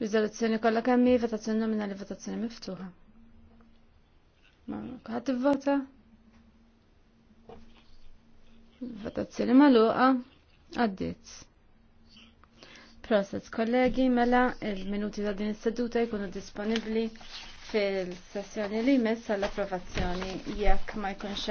Rizoluzzjoni kolla kemm hi votazzjoni nominali votazzjoni miftuħa. Ħadd vota Votazzjoni magħluqa għaddiet. Proset kollegi mela il-minuti ta' din is-seduta jkunu disponibbli fil-sessjoni li jmiss għall-approvazzjoni jekk ma jkunx